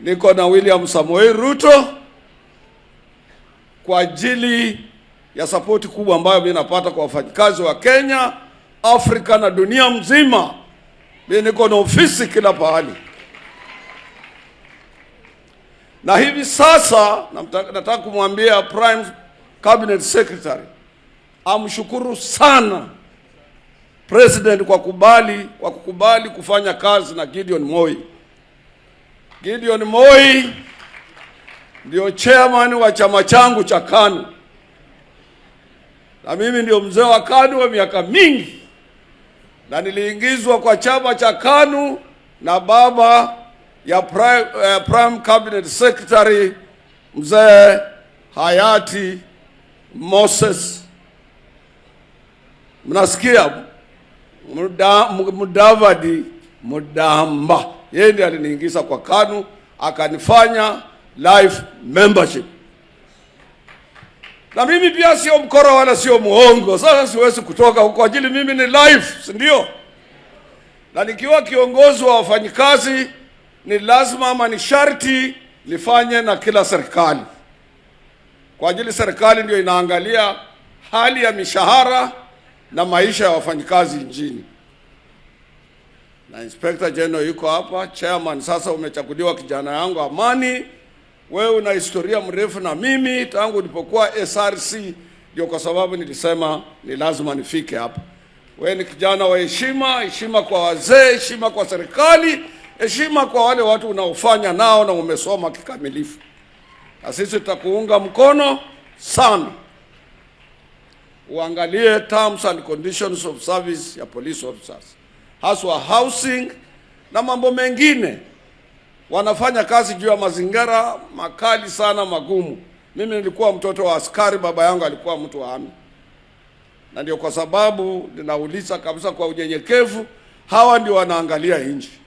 niko na William Samoei Ruto kwa ajili ya sapoti kubwa ambayo mimi napata kwa wafanyikazi wa Kenya, Afrika na dunia mzima. Mimi niko na ofisi kila pahali, na hivi sasa nataka kumwambia Prime Cabinet Secretary amshukuru sana President kwa kubali kwa kukubali kufanya kazi na Gideon Moi. Gideon Moi ndio chairman wa chama changu cha KANU na mimi ndio mzee wa KANU wa miaka mingi, na niliingizwa kwa chama cha KANU na baba ya prime, uh, prime cabinet secretary mzee hayati Moses, mnasikia Mudavadi Mudamba yeye ndiye aliniingiza kwa KANU akanifanya life membership, na mimi pia sio mkora wala sio muongo. Sasa siwezi kutoka huko ajili mimi ni life, si ndio? Na nikiwa kiongozi wa wafanyikazi ni lazima ama ni sharti nifanye na kila serikali, kwa ajili serikali ndio inaangalia hali ya mishahara na maisha ya wafanyikazi nchini na Inspector General yuko hapa. Chairman, sasa umechaguliwa kijana yangu Amani, wewe una historia mrefu na mimi tangu nilipokuwa SRC, ndio kwa sababu nilisema ni lazima nifike hapa. Wewe ni kijana wa heshima, heshima kwa wazee, heshima kwa serikali, heshima kwa wale watu unaofanya nao na umesoma kikamilifu, na sisi tutakuunga mkono sana. Uangalie terms and conditions of service ya police officers haswa housing na mambo mengine. Wanafanya kazi juu ya mazingira makali sana magumu. Mimi nilikuwa mtoto wa askari, baba yangu alikuwa mtu wa ami, na ndio kwa sababu ninauliza kabisa kwa unyenyekevu, hawa ndio wanaangalia nchi.